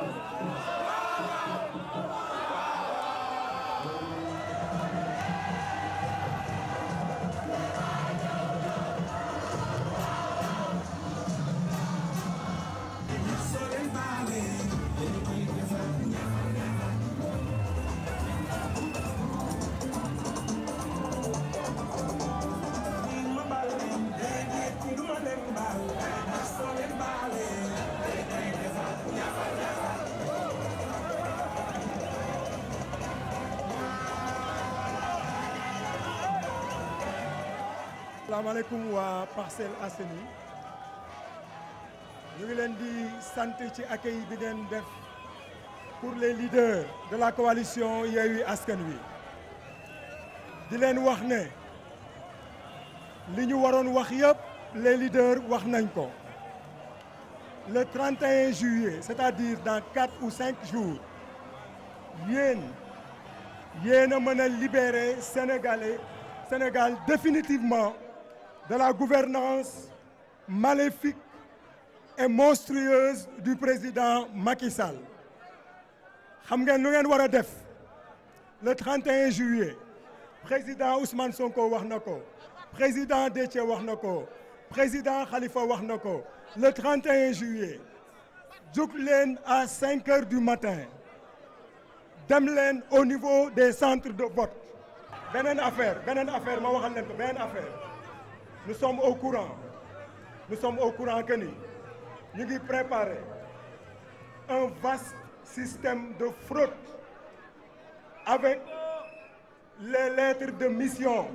ああ。La waa wa parcel ñu ngi leen di Santé ci accueil pour les leaders de la coalition Yewwi Askenwi. Wi di leen wax li les leaders wax le 31 juillet c'est-à-dire dans 4 ou 5 jours Yen Yen a libérer Sénégalais Sénégal définitivement de la gouvernance maléfique et monstrueuse du président Macky Sall. Vous savez le 31 juillet président Ousmane Sonko le président Deche le président Khalifa le 31 juillet Djouklen à 5 heures du matin dem au niveau des centres de vote une affaire affaire ma affaire nous sommes au courant nous sommes au courant que nous préparons un vaste système de fraude avec les lettres de mission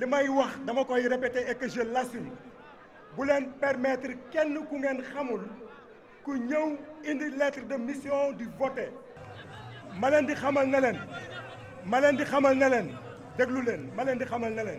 Les may je dama koy répéter et que je l'assume Vous permettre qu'elle nous ngeen xamul lettre de mission du voté que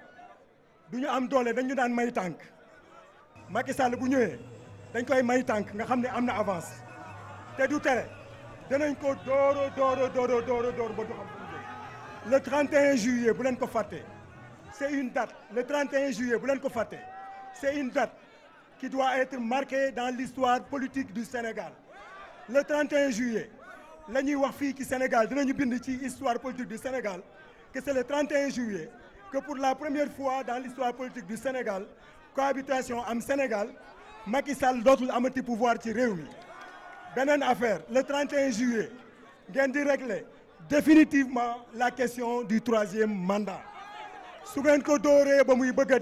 Nous am doole dañu daan may tànk Macky Sall bu ñëwee dañ koy may tànk nga xam ne am na avance te du tere danañ ko dooro dooro dooro dooro dooro ba le 31 juillet bu leen ko c'est une date le 31 juillet bu leen ko c'est une date qui doit être marquée dans l'histoire politique du Sénégal le 31 juillet nous avons wax fii ci Sénégal dinañu bind ci histoire politique du Sénégal que c'est le 31 juillet que pour la première fois dans l'histoire politique du Sénégal cohabitation en Sénégal Macky Sall d'autres amati pouvoir ci réew Une affaire le 31 juillet ngeen di régler définitivement la question du troisième mandat Si vous ko dooree ba muy bëgg a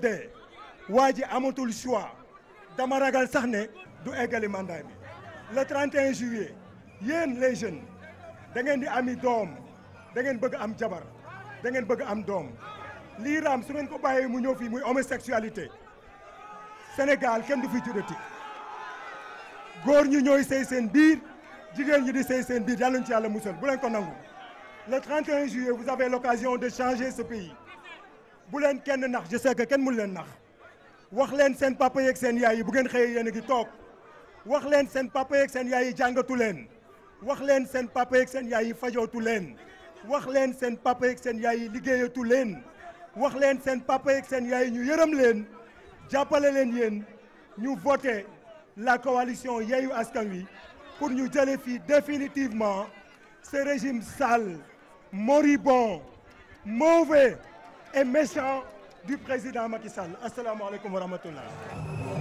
dee amatul choix dama ragal sax de du eggali mandat le 31 juillet vous, les jeunes da ngeen di amis d'hommes, da ngeen bëgg am jabar da ngeen bëgg am lii raam su ngeen ko bàyyee mu muy homosexualité Sénégal kenn du fi tuddati góor ñi ñooy sëy seen biir jigéen ñi di sëy ci bu ko le 31 juillet vous avez l'occasion de changer ce pays bu leen kenn nax je sais que kenn mënu leen nax wax leen seen papa yeeg seen yaay yi bu gen xëyee yéen gi tok toog wax leen seen papa yeeg seen s'en yi jàngatu leen wax papa yeeg seen yaay yi fajootu len wax leen papa yeeg seen yaay yi liggéeyatu wax leen seen papa yeeg seen yaay ñu yërëm leen jàppale leen yéen ñu voté la coalition Yewwi Askan Wi pour nous jële définitivement ce régime sale moribond mauvais et méchant du président Macky Sall alaikum wa rahmatullah